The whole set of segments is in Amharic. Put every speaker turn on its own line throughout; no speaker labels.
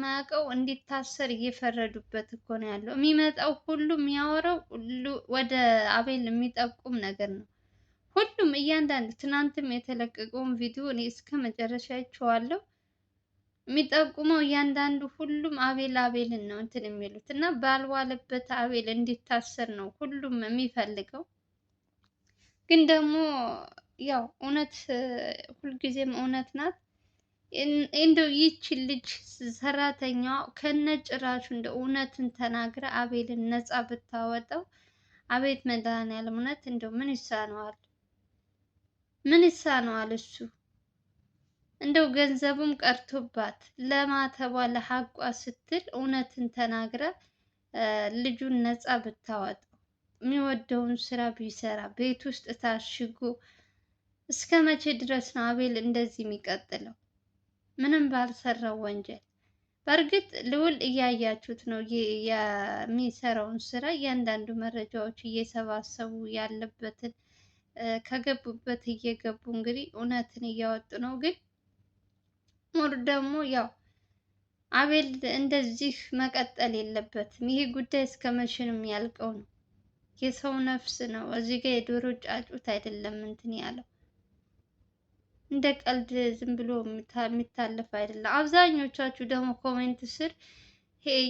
ማቀው እንዲታሰር እየፈረዱበት እኮ ነው ያለው። የሚመጣው ሁሉ የሚያወራው ሁሉ ወደ አቤል የሚጠቁም ነገር ነው። ሁሉም እያንዳንድ ትናንትም የተለቀቀውን ቪዲዮ እኔ እስከ መጨረሻ አይቼዋለሁ። የሚጠቁመው እያንዳንዱ ሁሉም አቤል አቤልን ነው እንትን የሚሉት እና ባልዋለበት አቤል እንዲታሰር ነው ሁሉም የሚፈልገው። ግን ደግሞ ያው እውነት ሁልጊዜም እውነት ናት። እንደው ይቺ ልጅ ሰራተኛዋ ከነጭራሹ እንደ እውነትን ተናግራ አቤልን ነፃ ብታወጣው አቤት መድኃኒዓለም እውነት እንደው ምን ይሳነዋል? ምን ይሳነዋል እሱ እንደው ገንዘቡም ቀርቶባት ለማተቧ ለሀቋ ስትል እውነትን ተናግራ ልጁን ነፃ ብታወጣው የሚወደውን ስራ ቢሰራ ቤት ውስጥ ታሽጎ እስከ መቼ ድረስ ነው አቤል እንደዚህ የሚቀጥለው? ምንም ባልሰራው ወንጀል። በእርግጥ ልዑል እያያችሁት ነው የሚሰራውን ስራ፣ እያንዳንዱ መረጃዎች እየሰባሰቡ ያለበትን ከገቡበት እየገቡ እንግዲህ እውነትን እያወጡ ነው። ግን ሙሉ ደግሞ ያው አቤል እንደዚህ መቀጠል የለበትም። ይሄ ጉዳይ እስከ መቼ ነው የሚያልቀው? ነው የሰው ነፍስ ነው። እዚህ ጋር የዶሮ ጫጩት አይደለም እንትን ያለው እንደ ቀልድ ዝም ብሎ የሚታለፍ አይደለም። አብዛኞቻችሁ ደግሞ ኮሜንት ስር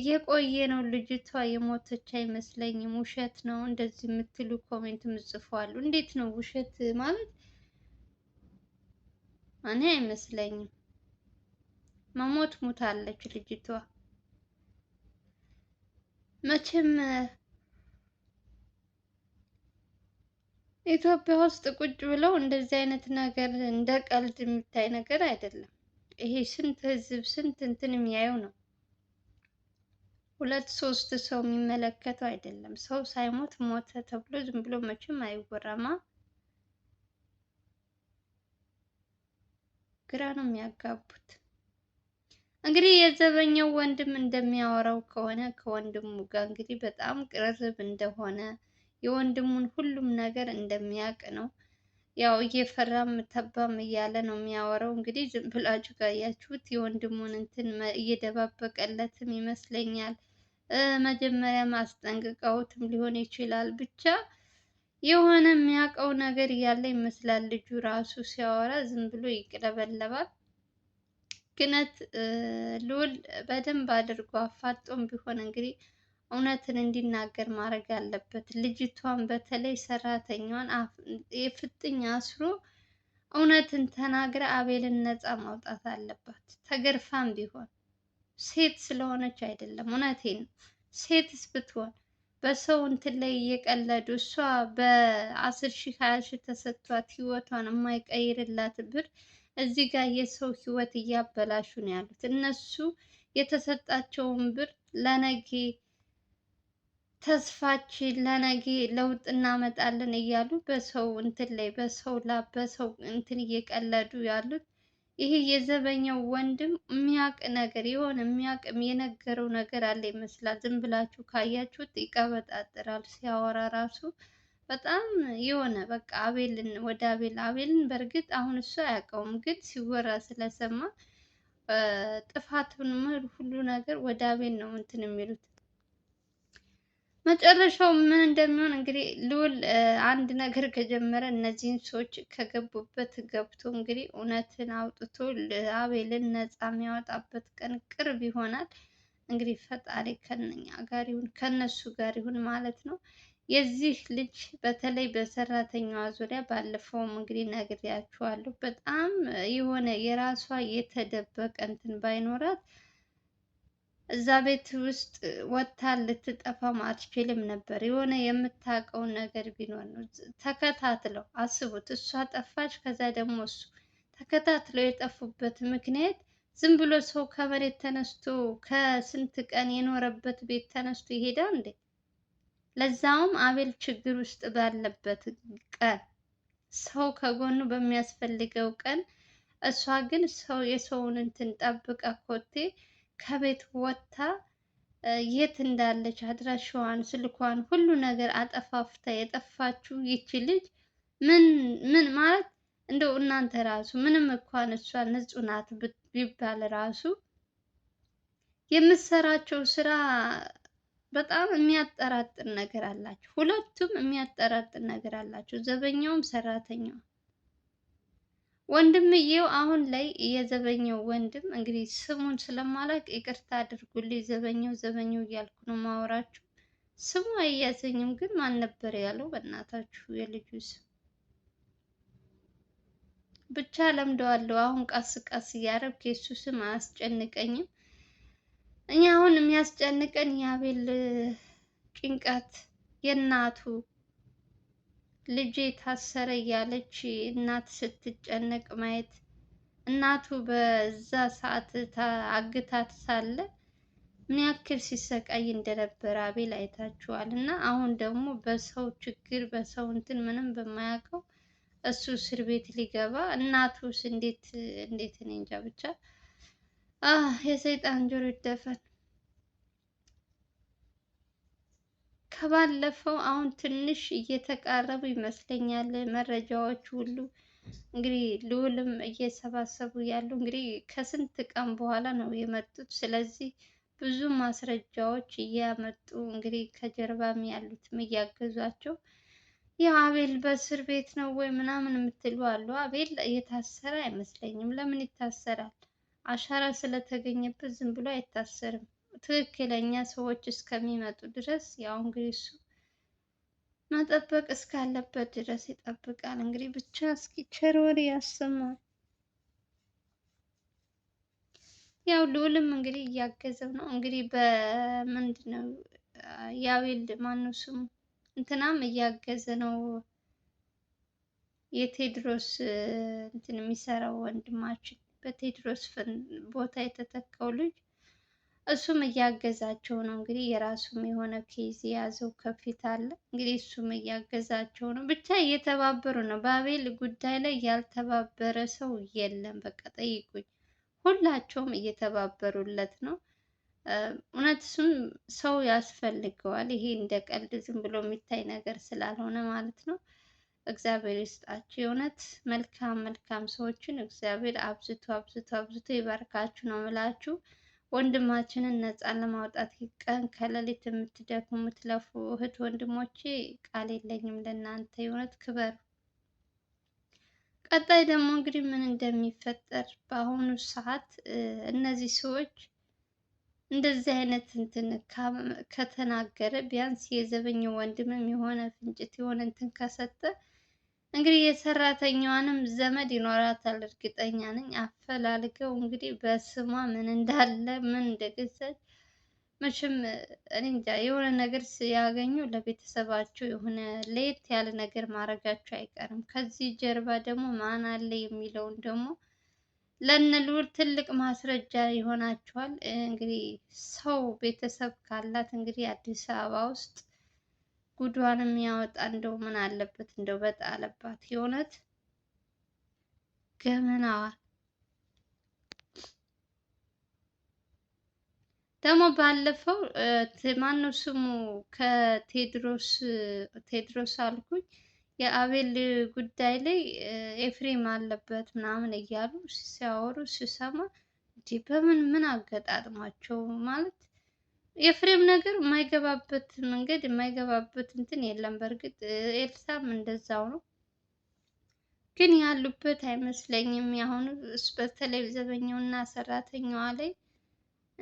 የቆየ ነው ልጅቷ የሞተች አይመስለኝም፣ ውሸት ነው እንደዚህ የምትሉ ኮሜንት ምጽፉ እንዴት ነው ውሸት ማለት? እኔ አይመስለኝም። መሞት ሙታለች ልጅቷ መቼም ኢትዮጵያ ውስጥ ቁጭ ብለው እንደዚህ አይነት ነገር እንደ ቀልድ የሚታይ ነገር አይደለም። ይሄ ስንት ህዝብ ስንት እንትን የሚያየው ነው። ሁለት ሶስት ሰው የሚመለከተው አይደለም። ሰው ሳይሞት ሞተ ተብሎ ዝም ብሎ መቼም አይወራማ። ግራ ነው የሚያጋቡት። እንግዲህ የዘበኛው ወንድም እንደሚያወራው ከሆነ ከወንድሙ ጋር እንግዲህ በጣም ቅርርብ እንደሆነ የወንድሙን ሁሉም ነገር እንደሚያውቅ ነው። ያው እየፈራም ተባም እያለ ነው የሚያወራው። እንግዲህ ዝም ብላችሁ ካያችሁት የወንድሙን እንትን እየደባበቀለትም ይመስለኛል። መጀመሪያ ማስጠንቅቀውትም ሊሆን ይችላል። ብቻ የሆነ የሚያውቀው ነገር እያለ ይመስላል። ልጁ ራሱ ሲያወራ ዝም ብሎ ይቅለበለባል። ግነት ልዑል በደንብ አድርጎ አፋጦም ቢሆን እንግዲህ እውነትን እንዲናገር ማድረግ አለበት። ልጅቷን በተለይ ሰራተኛዋን የፍጥኝ አስሮ እውነትን ተናግራ አቤልን ነፃ ማውጣት አለባት። ተገርፋም ቢሆን ሴት ስለሆነች አይደለም፣ እውነቴን ነው። ሴትስ ብትሆን በሰው እንትን ላይ እየቀለዱ እሷ በአስር ሺህ ሀያ ሺህ ተሰጥቷት ህይወቷን የማይቀይርላት ብር እዚህ ጋር የሰው ህይወት እያበላሹ ነው ያሉት። እነሱ የተሰጣቸውን ብር ለነጌ ተስፋችን ለነገ ለውጥ እናመጣለን እያሉ በሰው እንትን ላይ በሰው ላብ በሰው እንትን እየቀለዱ ያሉት ይህ የዘበኛው ወንድም የሚያቅ ነገር የሆነ የሚያቅ የነገረው ነገር አለ ይመስላል። ዝም ብላችሁ ካያችሁት ይቀበጣጥራል። ሲያወራ ራሱ በጣም የሆነ በቃ አቤልን ወደ አቤል አቤልን በእርግጥ አሁን እሱ አያውቀውም፣ ግን ሲወራ ስለሰማ ጥፋቱን ሁሉ ነገር ወደ አቤል ነው እንትን የሚሉት መጨረሻው ምን እንደሚሆን እንግዲህ ልዑል አንድ ነገር ከጀመረ እነዚህን ሰዎች ከገቡበት ገብቶ እንግዲህ እውነትን አውጥቶ አቤልን ነፃ የሚያወጣበት ቀን ቅርብ ይሆናል። እንግዲህ ፈጣሪ ከነኛ ጋር ይሁን ከነሱ ጋር ይሁን ማለት ነው። የዚህ ልጅ በተለይ በሰራተኛዋ ዙሪያ ባለፈውም እንግዲህ ነግሬያችኋለሁ። በጣም የሆነ የራሷ የተደበቀ እንትን ባይኖራት እዛ ቤት ውስጥ ወጥታ ልትጠፋም አትችልም ነበር። የሆነ የምታውቀው ነገር ቢኖር ነው። ተከታትለው አስቡት፣ እሷ ጠፋች፣ ከዛ ደግሞ እሱ ተከታትለው የጠፉበት ምክንያት ዝም ብሎ ሰው ከመሬት ተነስቶ ከስንት ቀን የኖረበት ቤት ተነስቶ ይሄዳል እንዴ? ለዛውም አቤል ችግር ውስጥ ባለበት ቀን ሰው ከጎኑ በሚያስፈልገው ቀን እሷ ግን ሰው የሰውን እንትን ጠብቃ ኮቴ ከቤት ወጥታ የት እንዳለች አድራሻዋን፣ ስልኳን፣ ሁሉ ነገር አጠፋፍታ የጠፋችው ይቺ ልጅ ምን ምን ማለት እንደው እናንተ ራሱ ምንም እንኳን እሷ ንጹህ ናት ቢባል ራሱ የምትሰራቸው ስራ በጣም የሚያጠራጥር ነገር አላቸው። ሁለቱም የሚያጠራጥር ነገር አላቸው፣ ዘበኛውም ሰራተኛው። ወንድምየው አሁን ላይ የዘበኛው ወንድም እንግዲህ ስሙን ስለማላውቅ ይቅርታ አድርጉልኝ። ዘበኛው ዘበኛው እያልኩ ነው ማወራችሁ። ስሙ አያዘኝም ግን ማን ነበር ያለው? በእናታችሁ የልጁ ስም ብቻ ለምደዋለሁ። አሁን ቀስ ቀስ እያረብክ የሱ ስም አያስጨንቀኝም። እኛ አሁን የሚያስጨንቀን የአቤል ጭንቀት የእናቱ ልጄ የታሰረ እያለች እናት ስትጨነቅ ማየት እናቱ በዛ ሰዓት አግታት ሳለ ምን ያክል ሲሰቃይ እንደነበረ አቤል አይታችኋል። እና አሁን ደግሞ በሰው ችግር በሰው እንትን ምንም በማያውቀው እሱ እስር ቤት ሊገባ እናቱስ እንዴት እንዴት እኔ እንጃ ብቻ የሰይጣን ጆሮ ይደፈን። ከባለፈው አሁን ትንሽ እየተቃረቡ ይመስለኛል መረጃዎች ሁሉ። እንግዲህ ልዑልም እየሰባሰቡ ያሉ እንግዲህ ከስንት ቀን በኋላ ነው የመጡት። ስለዚህ ብዙ ማስረጃዎች እያመጡ እንግዲህ ከጀርባም ያሉትም እያገዟቸው ያ አቤል በእስር ቤት ነው ወይ ምናምን የምትሉ አሉ። አቤል እየታሰረ አይመስለኝም። ለምን ይታሰራል? አሻራ ስለተገኘበት ዝም ብሎ አይታሰርም። ትክክለኛ ሰዎች እስከሚመጡ ድረስ ያው እንግዲህ እሱ መጠበቅ እስካለበት ድረስ ይጠብቃል። እንግዲህ ብቻ እስኪ ቸር ወሬ ያሰማል። ያው ልዑልም እንግዲህ እያገዘው ነው። እንግዲህ በምንድን ነው ያቤል ማነው ስሙ እንትናም እያገዘ ነው። የቴድሮስ እንትን የሚሰራው ወንድማችን በቴድሮስ ቦታ የተተካው ልጅ እሱም እያገዛቸው ነው። እንግዲህ የራሱም የሆነ ኬዝ የያዘው ከፊት አለ። እንግዲህ እሱም እያገዛቸው ነው። ብቻ እየተባበሩ ነው። በአቤል ጉዳይ ላይ ያልተባበረ ሰው የለም። በቃ ጠይቁኝ። ሁላቸውም እየተባበሩለት ነው። እውነት እሱም ሰው ያስፈልገዋል። ይሄ እንደ ቀልድ ዝም ብሎ የሚታይ ነገር ስላልሆነ ማለት ነው። እግዚአብሔር ይስጣችሁ። የእውነት መልካም መልካም ሰዎችን እግዚአብሔር አብዝቶ አብዝቶ አብዝቶ ይባርካችሁ ነው ምላችሁ። ወንድማችንን ነፃ ለማውጣት ቀን ከሌሊት የምትደክሙ የምትለፉ እህት ወንድሞቼ ቃል የለኝም ለእናንተ የእውነት ክበሩ። ቀጣይ ደግሞ እንግዲህ ምን እንደሚፈጠር በአሁኑ ሰዓት እነዚህ ሰዎች እንደዚህ አይነት እንትን ከተናገረ ቢያንስ የዘበኛው ወንድምም የሆነ ፍንጭት የሆነ እንትን ከሰጠ እንግዲህ የሰራተኛዋንም ዘመድ ይኖራታል እርግጠኛ ነኝ። አፈላልገው እንግዲህ በስሟ ምን እንዳለ ምን እንደገዛች መቼም እኔ እንጃ። የሆነ ነገር ሲያገኙ ለቤተሰባቸው የሆነ ለየት ያለ ነገር ማድረጋቸው አይቀርም። ከዚህ ጀርባ ደግሞ ማን አለ የሚለውን ደግሞ ለእነ ልዑል ትልቅ ማስረጃ ይሆናቸዋል። እንግዲህ ሰው ቤተሰብ ካላት እንግዲህ አዲስ አበባ ውስጥ ጉዷን የሚያወጣ እንደው ምን አለበት እንደው በጣለባት የእውነት ገመናዋ ደግሞ ባለፈው ማነው ስሙ ከቴድሮስ ቴድሮስ አልኩኝ የአቤል ጉዳይ ላይ ኤፍሬም አለበት ምናምን እያሉ ሲያወሩ ሲሰማ፣ በምን ምን አገጣጥሟቸው ማለት የፍሬም ነገር የማይገባበት መንገድ የማይገባበት እንትን የለም። በእርግጥ ኤልሳም እንደዛው ነው፣ ግን ያሉበት አይመስለኝም። ያሁኑ በተለይ እና ሰራተኛዋ ላይ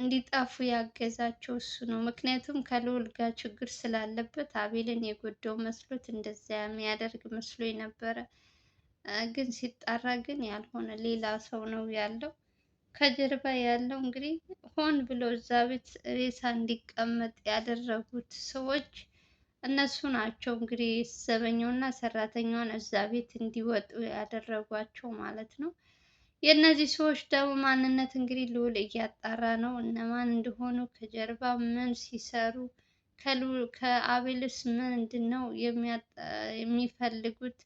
እንዲጣፉ ያገዛቸው እሱ ነው። ምክንያቱም ከልዑል ጋር ችግር ስላለበት አቤልን የጎዳው መስሎት እንደዚያ የሚያደርግ መስሎ ነበረ። ግን ሲጣራ ግን ያልሆነ ሌላ ሰው ነው ያለው። ከጀርባ ያለው እንግዲህ ሆን ብሎ እዛ ቤት ሬሳ እንዲቀመጥ ያደረጉት ሰዎች እነሱ ናቸው። እንግዲህ ዘበኛውና ሰራተኛውን እዛ ቤት እንዲወጡ ያደረጓቸው ማለት ነው። የእነዚህ ሰዎች ደግሞ ማንነት እንግዲህ ልዑል እያጣራ ነው፣ እነማን እንደሆኑ ከጀርባ ምን ሲሰሩ ከአቤልስ ምንድን ነው የሚፈልጉት?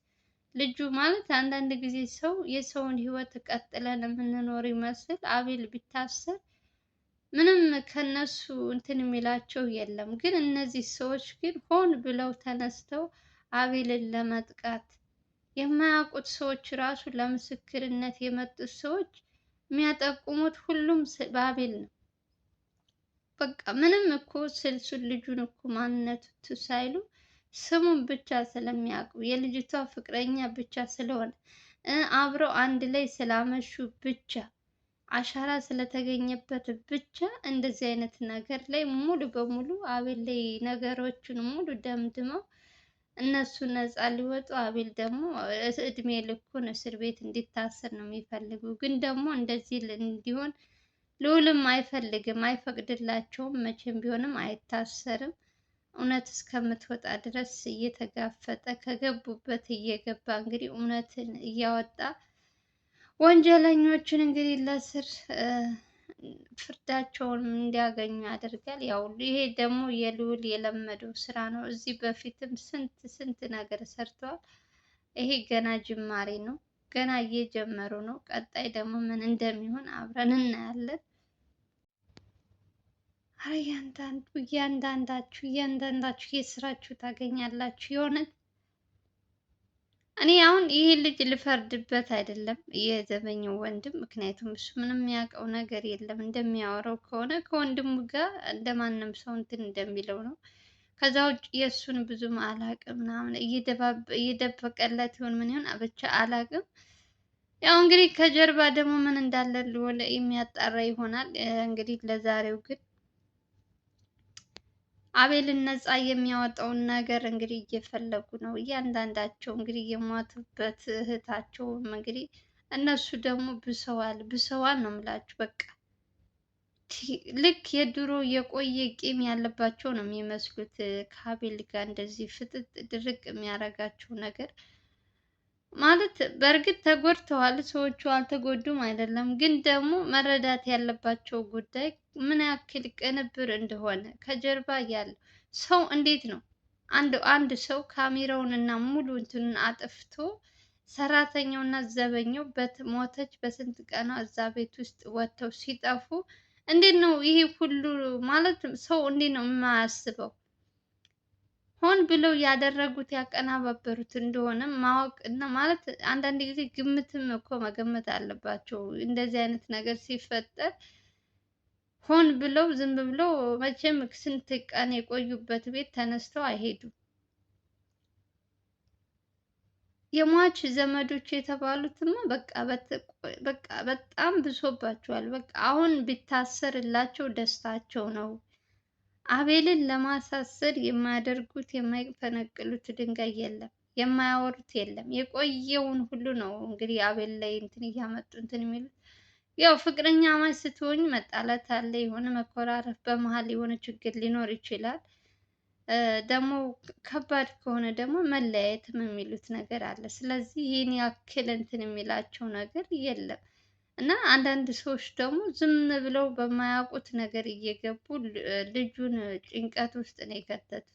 ልጁ ማለት አንዳንድ ጊዜ ሰው የሰውን ህይወት ቀጥለን የምንኖር ይመስል አቤል ቢታሰር ምንም ከነሱ እንትን የሚላቸው የለም። ግን እነዚህ ሰዎች ግን ሆን ብለው ተነስተው አቤልን ለመጥቃት የማያውቁት ሰዎች ራሱ ለምስክርነት የመጡት ሰዎች የሚያጠቁሙት ሁሉም በአቤል ነው። በቃ ምንም እኮ ስልሱን ልጁን እኮ ማንነቱ ሳይሉ ስሙን ብቻ ስለሚያውቁ የልጅቷ ፍቅረኛ ብቻ ስለሆነ አብረው አንድ ላይ ስላመሹ ብቻ አሻራ ስለተገኘበት ብቻ እንደዚህ አይነት ነገር ላይ ሙሉ በሙሉ አቤል ላይ ነገሮችን ሙሉ ደምድመው እነሱ ነፃ ሊወጡ፣ አቤል ደግሞ እድሜ ልኩን እስር ቤት እንዲታሰር ነው የሚፈልጉ። ግን ደግሞ እንደዚህ እንዲሆን ልዑልም አይፈልግም፣ አይፈቅድላቸውም። መቼም ቢሆንም አይታሰርም። እውነት እስከምትወጣ ድረስ እየተጋፈጠ ከገቡበት እየገባ እንግዲህ እውነትን እያወጣ ወንጀለኞችን እንግዲህ ለስር ፍርዳቸውን እንዲያገኙ ያደርጋል። ያው ይሄ ደግሞ የልዑል የለመደው ስራ ነው። እዚህ በፊትም ስንት ስንት ነገር ሰርተዋል። ይሄ ገና ጅማሬ ነው። ገና እየጀመሩ ነው። ቀጣይ ደግሞ ምን እንደሚሆን አብረን እናያለን። እያንዳንዱ እያንዳንዳችሁ እያንዳንዳችሁ የስራችሁ ታገኛላችሁ። የሆነ እኔ አሁን ይሄ ልጅ ልፈርድበት አይደለም፣ የዘበኛው ወንድም። ምክንያቱም እሱ ምንም የሚያውቀው ነገር የለም። እንደሚያወራው ከሆነ ከወንድሙ ጋር እንደማንም ሰው እንትን እንደሚለው ነው። ከዛ ውጭ የእሱን ብዙም አላቅም ምናምን እየደበቀለት ይሆን ምን ይሆን ብቻ አላቅም። ያው እንግዲህ ከጀርባ ደግሞ ምን እንዳለ የሚያጣራ ይሆናል። እንግዲህ ለዛሬው ግን አቤልን ነፃ የሚያወጣውን ነገር እንግዲህ እየፈለጉ ነው። እያንዳንዳቸው እንግዲህ የሟቱበት እህታቸውም እንግዲህ እነሱ ደግሞ ብሰዋል ብሰዋል ነው የምላችሁ። በቃ ልክ የድሮ የቆየ ቂም ያለባቸው ነው የሚመስሉት። ከአቤል ጋር እንደዚህ ፍጥጥ ድርቅ የሚያረጋቸው ነገር ማለት በእርግጥ ተጎድተዋል። ሰዎቹ አልተጎዱም አይደለም፣ ግን ደግሞ መረዳት ያለባቸው ጉዳይ ምን ያክል ቅንብር እንደሆነ ከጀርባ ያለው ሰው እንዴት ነው አንድ አንድ ሰው ካሜራውን እና ሙሉ እንትኑን አጥፍቶ ሰራተኛው እና ዘበኛው በሞተች በስንት ቀኗ እዛ ቤት ውስጥ ወጥተው ሲጠፉ እንዴት ነው ይሄ ሁሉ ማለት ሰው እንዴት ነው የማያስበው? ሆን ብለው ያደረጉት ያቀናባበሩት እንደሆነ ማወቅ እና ማለት አንዳንድ ጊዜ ግምትም እኮ መገመት አለባቸው። እንደዚህ አይነት ነገር ሲፈጠር ሆን ብለው ዝም ብለው መቼም ስንት ቀን የቆዩበት ቤት ተነስተው አይሄዱም። የሟች ዘመዶች የተባሉትማ በቃ በቃ በጣም ብሶባቸዋል። በቃ አሁን ቢታሰርላቸው ደስታቸው ነው። አቤልን ለማሳሰድ የማያደርጉት የማይፈነቅሉት ድንጋይ የለም፣ የማያወሩት የለም። የቆየውን ሁሉ ነው እንግዲህ አቤል ላይ እንትን እያመጡ እንትን የሚሉት ያው ፍቅረኛ ማች ስትሆኝ መጣላት አለ፣ የሆነ መኮራረፍ፣ በመሀል የሆነ ችግር ሊኖር ይችላል። ደግሞ ከባድ ከሆነ ደግሞ መለያየትም የሚሉት ነገር አለ። ስለዚህ ይህን ያክል እንትን የሚላቸው ነገር የለም። እና አንዳንድ ሰዎች ደግሞ ዝም ብለው በማያውቁት ነገር እየገቡ ልጁን ጭንቀት ውስጥ ነው የከተቱት።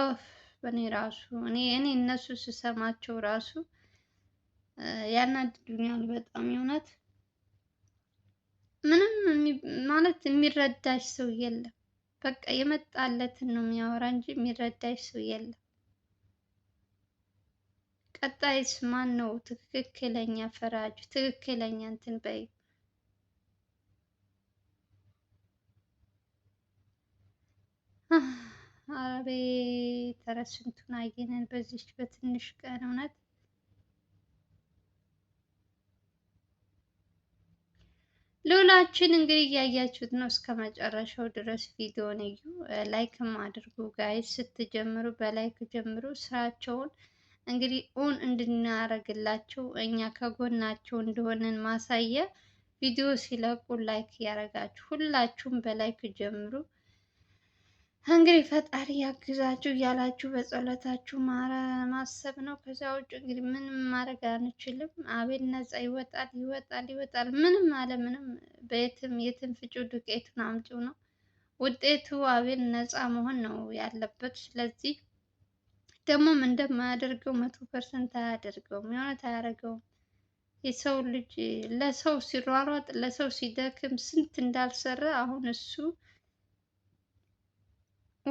ኦፍ በእኔ ራሱ እኔ እኔ እነሱ ስሰማቸው ራሱ ያናድዱኛል በጣም የእውነት ምንም ማለት የሚረዳሽ ሰው የለም። በቃ የመጣለትን ነው የሚያወራ እንጂ የሚረዳሽ ሰው የለም። ቀጣይስ ማን ነው ትክክለኛ ፈራጅ ትክክለኛ እንትን በይ አቤ ስንቱን አየነን በዚች በትንሽ ቀን እውነት ሎላችን እንግዲህ እያያችሁት ነው። እስከ መጨረሻው ድረስ ቪዲዮን እዩ፣ ላይክም አድርጉ። ጋይስ ስትጀምሩ በላይክ ጀምሩ ስራቸውን እንግዲህ ኦን እንድናረግላችሁ እኛ ከጎናችሁ እንደሆንን ማሳያ ቪዲዮ ሲለቁ ላይክ ያደረጋችሁ ሁላችሁም በላይክ ጀምሩ። እንግዲህ ፈጣሪ ያግዛችሁ እያላችሁ በጸሎታችሁ ማሰብ ነው። ከዚያ ውጭ እንግዲህ ምንም ማድረግ አንችልም። አቤል ነፃ ይወጣል ይወጣል ይወጣል። ምንም አለ ምንም በየትም የትም ፍጪው ዱቄቱን አምጪው ነው ውጤቱ። አቤል ነፃ መሆን ነው ያለበት። ስለዚህ ደግሞም እንደማያደርገው መቶ ፐርሰንት አያደርገውም፣ የእውነት አያደርገውም። የሰው ልጅ ለሰው ሲሯሯጥ ለሰው ሲደክም ስንት እንዳልሰራ አሁን እሱ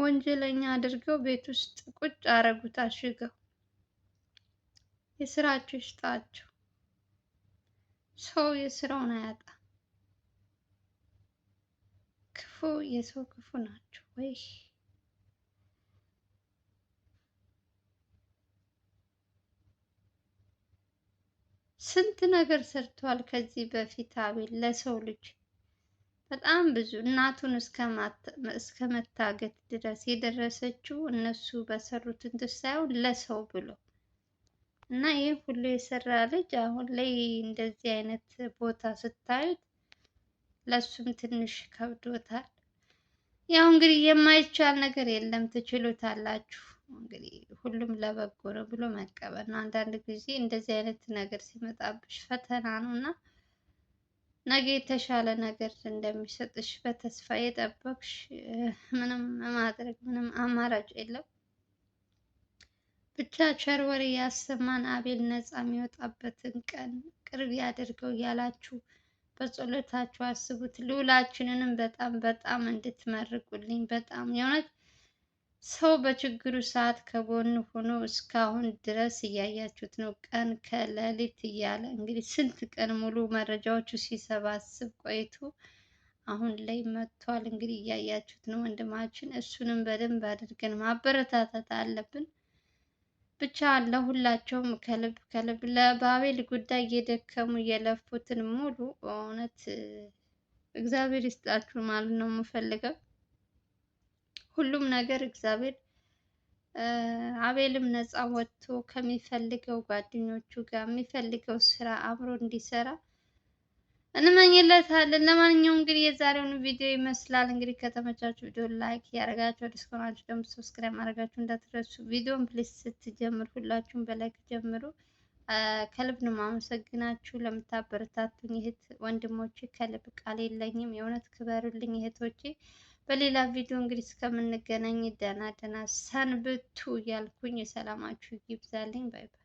ወንጀለኛ አድርገው ቤት ውስጥ ቁጭ አረጉት አሽገው። የስራቸው ይስጣቸው። ሰው የስራውን አያጣ። ክፉ የሰው ክፉ ናቸው ወይ? ስንት ነገር ሰርቷል ከዚህ በፊት አቤል ለሰው ልጅ በጣም ብዙ እናቱን እስከ መታገት ድረስ የደረሰችው እነሱ በሰሩት እንትን ሳይሆን ለሰው ብሎ እና ይህ ሁሉ የሰራ ልጅ አሁን ላይ እንደዚህ አይነት ቦታ ስታዩት ለሱም ትንሽ ከብዶታል። ያው እንግዲህ የማይቻል ነገር የለም፣ ትችሉታላችሁ። እንግዲህ ሁሉም ለበጎ ነው ብሎ መቀበል ነው። አንዳንድ ጊዜ እንደዚህ አይነት ነገር ሲመጣብሽ ፈተና ነው እና ነገ የተሻለ ነገር እንደሚሰጥሽ በተስፋ የጠበቅሽ ምንም ማድረግ ምንም አማራጭ የለም። ብቻ ቸር ወሬ ያሰማን፣ አቤል ነፃ የሚወጣበትን ቀን ቅርብ ያደርገው እያላችሁ በጸሎታችሁ አስቡት። ልዑላችንንም በጣም በጣም እንድትመርቁልኝ በጣም የእውነት ሰው በችግሩ ሰዓት ከጎን ሆኖ እስካሁን ድረስ እያያችሁት ነው። ቀን ከሌሊት እያለ እንግዲህ ስንት ቀን ሙሉ መረጃዎቹ ሲሰባስብ ቆይቶ አሁን ላይ መጥቷል። እንግዲህ እያያችሁት ነው ወንድማችን። እሱንም በደንብ አድርገን ማበረታታት አለብን። ብቻ ለሁላቸውም ከልብ ከልብ ለባቤል ጉዳይ እየደከሙ እየለፉትን ሙሉ በእውነት እግዚአብሔር ይስጣችሁ ማለት ነው የምፈልገው። ሁሉም ነገር እግዚአብሔር አቤልም ነፃ ወጥቶ ከሚፈልገው ጓደኞቹ ጋር የሚፈልገው ስራ አብሮ እንዲሰራ እንመኝለታለን። ለማንኛውም እንግዲህ የዛሬውን ቪዲዮ ይመስላል። እንግዲህ ከተመቻችሁ ቪዲዮ ላይክ ያደረጋችሁ ዲስኮናችሁ ደግሞ ሰብስክራይብ ማድረጋችሁ እንዳትረሱ። ቪዲዮን ፕሊስ ስትጀምሩ ሁላችሁም በላይክ ጀምሩ። ከልብ ነው የማመሰግናችሁ ለምታበረታቱኝ እህት ወንድሞቼ፣ ከልብ ቃል የለኝም። የእውነት ክበሩልኝ እህቶቼ። በሌላ ቪዲዮ እንግዲህ እስከምንገናኝ ደህና ደህና ሰንብቱ እያልኩኝ ሰላማችሁ ይብዛልኝ። ባይ ባይ።